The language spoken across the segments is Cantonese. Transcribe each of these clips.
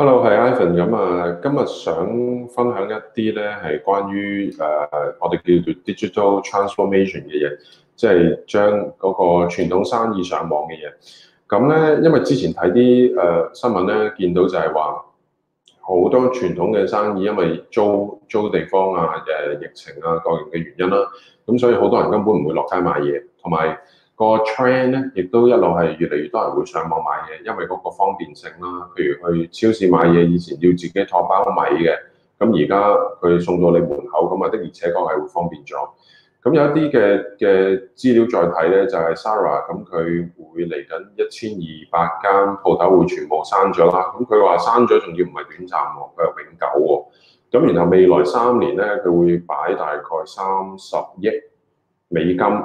Hello，係 Ivan，咁啊，今日想分享一啲咧係關於誒我哋叫做 digital transformation 嘅嘢，即係將嗰個傳統生意上網嘅嘢。咁咧，因為之前睇啲誒新聞咧，見到就係話好多傳統嘅生意，因為租租地方啊、誒疫情啊各樣嘅原因啦，咁所以好多人根本唔會落街買嘢，同埋，個 trend 咧，亦都一路係越嚟越多人會上網買嘢，因為嗰個方便性啦。譬如去超市買嘢，以前要自己託包米嘅，咁而家佢送到你門口咁啊，的而且確係會方便咗。咁有一啲嘅嘅資料再睇咧，就係 Zara，咁佢會嚟緊一千二百間鋪頭會全部刪咗啦。咁佢話刪咗仲要唔係短暫喎，佢係永久喎。咁然後未來三年咧，佢會擺大概三十億美金。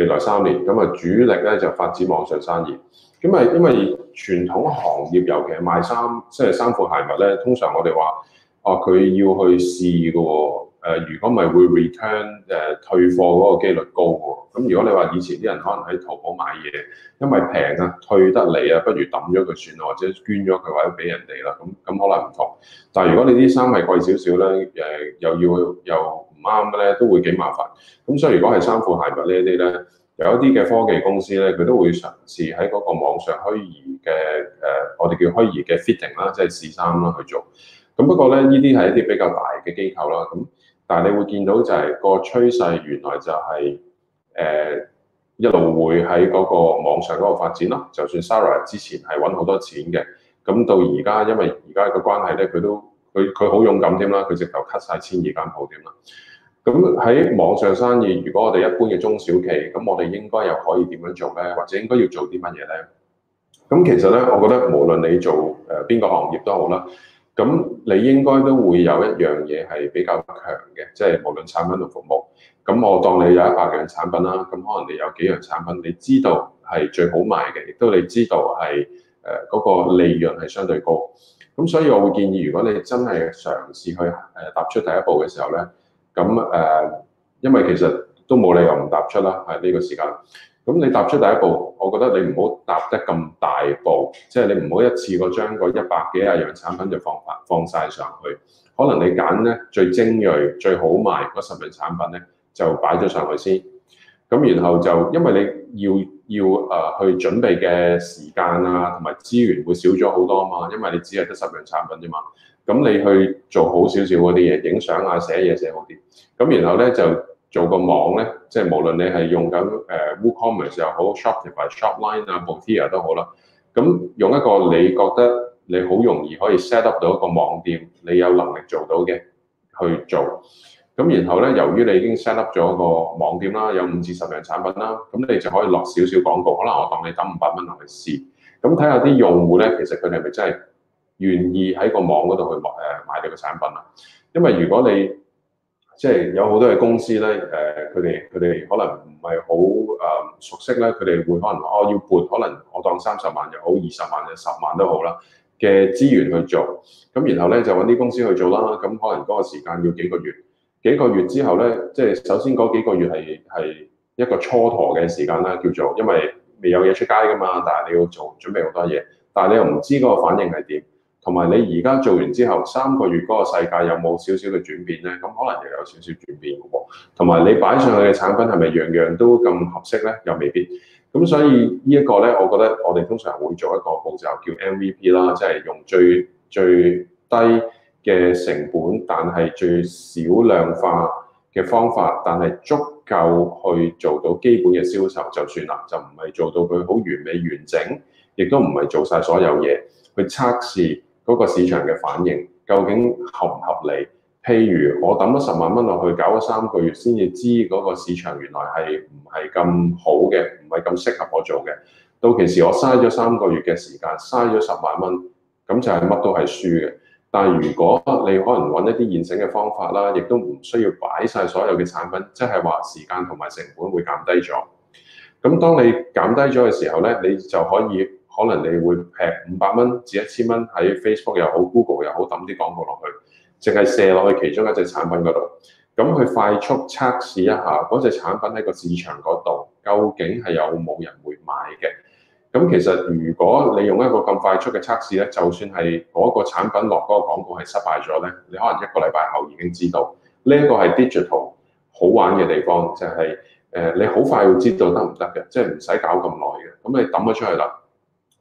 未來三年咁啊，主力咧就發展網上生意。咁啊，因為傳統行業，尤其係賣衫，即係衫褲鞋襪咧，通常我哋話，哦佢要去試㗎喎，誒如果唔係會 return 誒退貨嗰個機率高喎。咁如果你話以前啲人可能喺淘寶買嘢，因為平啊，退得嚟啊，不如抌咗佢算啦，或者捐咗佢或者俾人哋啦。咁咁可能唔同。但係如果你啲衫係貴少少咧，誒又要又。啱啱咧，都會幾麻煩。咁所以如果係衫褲鞋襪呢一啲咧，有一啲嘅科技公司咧，佢都會嘗試喺嗰個網上虛擬嘅誒、呃，我哋叫虛擬嘅 fitting 啦，即係試衫啦去做。咁不過咧，呢啲係一啲比較大嘅機構啦。咁但係你會見到就係個趨勢，原來就係、是、誒、呃、一路會喺嗰個網上嗰個發展咯。就算 Sarah 之前係揾好多錢嘅，咁到而家因為而家個關係咧，佢都佢佢好勇敢添啦，佢直頭 cut 晒千二間鋪添啦。咁喺網上生意，如果我哋一般嘅中小企，咁我哋應該又可以點樣做呢？或者應該要做啲乜嘢呢？咁其實呢，我覺得無論你做誒邊個行業都好啦，咁你應該都會有一樣嘢係比較強嘅，即係無論產品同服務。咁我當你有一百樣產品啦，咁可能你有幾樣產品，你知道係最好賣嘅，亦都你知道係誒嗰個利潤係相對高。咁所以我會建議，如果你真係嘗試去誒踏出第一步嘅時候呢。咁誒、嗯，因為其實都冇理由唔踏出啦，喺呢個時間。咁你踏出第一步，我覺得你唔好踏得咁大步，即係你唔好一次過將個一百幾廿樣產品就放發放曬上去。可能你揀咧最精鋭、最好賣嗰十樣產品咧，就擺咗上去先。咁然後就因為你要要誒去準備嘅時間啊，同埋資源會少咗好多啊嘛，因為你只係得十樣產品啫嘛。咁你去做好少少嗰啲嘢，影相啊，寫嘢寫好啲。咁然後咧就做個網咧，即係無論你係用緊誒 WooCommerce 又好 Shopify、Shopline 啊、Boutir 都好啦。咁用一個你覺得你好容易可以 set up 到一個網店，你有能力做到嘅去做。咁然後咧，由於你已經 set up 咗個網店啦，有五至十樣產品啦，咁你就可以落少少廣告。可能我當你等五百蚊落嚟試，咁睇下啲用戶咧，其實佢哋係咪真係？願意喺個網嗰度去買誒、呃、買呢個產品啦，因為如果你即係、就是、有好多嘅公司咧誒，佢哋佢哋可能唔係好誒熟悉咧，佢哋會可能哦要撥，可能我當三十萬又好，二十萬又好，十萬都好啦嘅資源去做，咁然後咧就搵啲公司去做啦，咁可能嗰個時間要幾個月，幾個月之後咧，即、就、係、是、首先嗰幾個月係係一個蹉跎嘅時間啦，叫做因為未有嘢出街㗎嘛，但係你要做準備好多嘢，但係你又唔知嗰個反應係點。同埋你而家做完之後三個月嗰個世界有冇少少嘅轉變呢？咁可能又有少少轉變。同埋你擺上去嘅產品係咪樣樣都咁合適呢？又未必。咁所以呢一個呢，我覺得我哋通常會做一個步驟叫 MVP 啦，即係用最最低嘅成本，但係最少量化嘅方法，但係足夠去做到基本嘅銷售就算啦，就唔係做到佢好完美完整，亦都唔係做晒所有嘢去測試。嗰個市場嘅反應究竟合唔合理？譬如我抌咗十萬蚊落去，搞咗三個月先至知嗰個市場原來係唔係咁好嘅，唔係咁適合我做嘅。到其時我嘥咗三個月嘅時間，嘥咗十萬蚊，咁就係乜都係輸嘅。但係如果你可能揾一啲現成嘅方法啦，亦都唔需要擺晒所有嘅產品，即係話時間同埋成本會減低咗。咁當你減低咗嘅時候咧，你就可以。可能你會劈五百蚊至一千蚊喺 Facebook 又好、Google 又好，抌啲廣告落去，淨係射落去其中一隻產品嗰度，咁佢快速測試一下嗰隻產品喺個市場嗰度究竟係有冇人會買嘅。咁其實如果你用一個咁快速嘅測試咧，就算係嗰個產品落嗰個廣告係失敗咗咧，你可能一個禮拜後已經知道呢一個係 Digital 好玩嘅地方，就係、是、誒你好快會知道得唔得嘅，即係唔使搞咁耐嘅。咁你抌咗出去啦。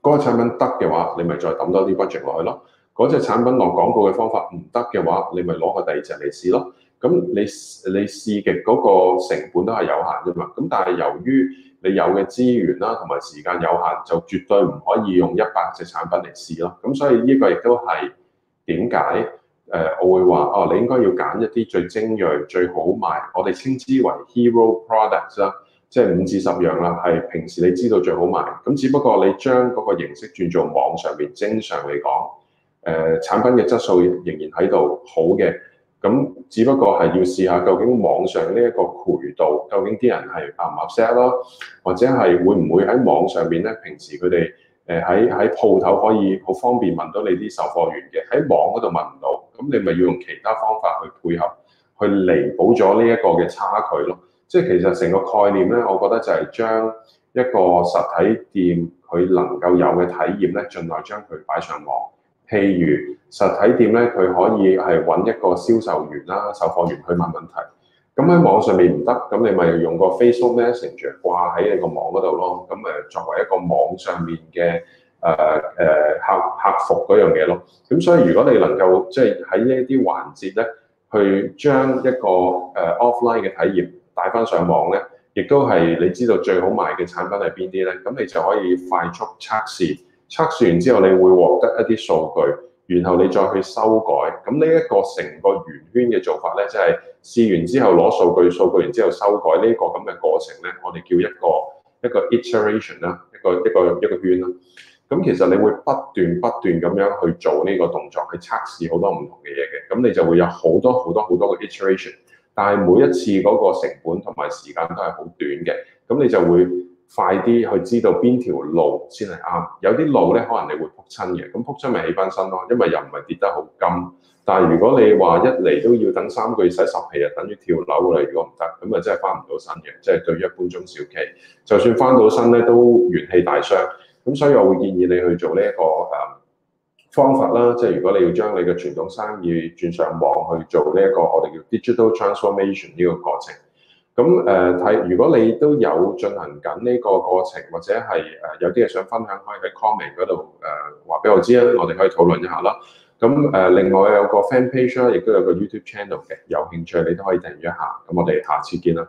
嗰個產品得嘅話，你咪再抌多啲 budget 落去咯。嗰隻產品落廣告嘅方法唔得嘅話，你咪攞個第二隻嚟試咯。咁你你試極嗰個成本都係有限㗎嘛。咁但係由於你有嘅資源啦，同埋時間有限，就絕對唔可以用一百隻產品嚟試咯。咁所以呢個亦都係點解誒，我會話哦，你應該要揀一啲最精鋭、最好賣，我哋稱之為 hero products 啦。即係五至十樣啦，係平時你知道最好賣。咁只不過你將嗰個形式轉做網上面。正常嚟講，誒產品嘅質素仍然喺度好嘅。咁只不過係要試下究竟網上呢一個渠道，究竟啲人係合唔合適咯？或者係會唔會喺網上面咧？平時佢哋誒喺喺鋪頭可以好方便問到你啲售貨員嘅，喺網嗰度問唔到。咁你咪要用其他方法去配合，去彌補咗呢一個嘅差距咯。即係其實成個概念咧，我覺得就係將一個實體店佢能夠有嘅體驗咧，盡量將佢擺上網。譬如實體店咧，佢可以係揾一個銷售員啦、售貨員去問問題。咁喺網上面唔得，咁你咪用個 Facebook Messenger 掛喺你個網嗰度咯。咁咪作為一個網上面嘅誒誒客客服嗰樣嘢咯。咁所以如果你能夠即係喺呢一啲環節咧，去將一個誒 offline 嘅體驗，帶翻上網咧，亦都係你知道最好賣嘅產品係邊啲咧？咁你就可以快速測試，測試完之後你會獲得一啲數據，然後你再去修改。咁呢一個成個圓圈嘅做法咧，即係試完之後攞數據，數據完之後修改呢個咁嘅過程咧，我哋叫一個一個 iteration 啦，一個一個一個圈啦。咁其實你會不斷不斷咁樣去做呢個動作，去測試好多唔同嘅嘢嘅，咁你就會有好多好多好多嘅 iteration。但係每一次嗰個成本同埋時間都係好短嘅，咁你就會快啲去知道邊條路先係啱。有啲路咧，可能你會撲親嘅，咁撲親咪起翻身咯，因為又唔係跌得好甘。但係如果你話一嚟都要等三個月洗十期，就等於跳樓啦。如果唔得，咁啊真係翻唔到身嘅，即係對一般中小企，就算翻到身咧都元氣大傷。咁所以我會建議你去做呢一個誒、嗯方法啦，即係如果你要將你嘅傳統生意轉上網去做呢、這、一個我哋叫 digital transformation 呢個過程，咁誒睇如果你都有進行緊呢個過程，或者係誒、呃、有啲嘢想分享可以喺 comment 嗰度誒話、呃、俾我知啦，我哋可以討論一下啦。咁誒、呃、另外有個 fan page 啦，亦都有個 YouTube channel 嘅，有興趣你都可以訂閱一下。咁我哋下次見啦。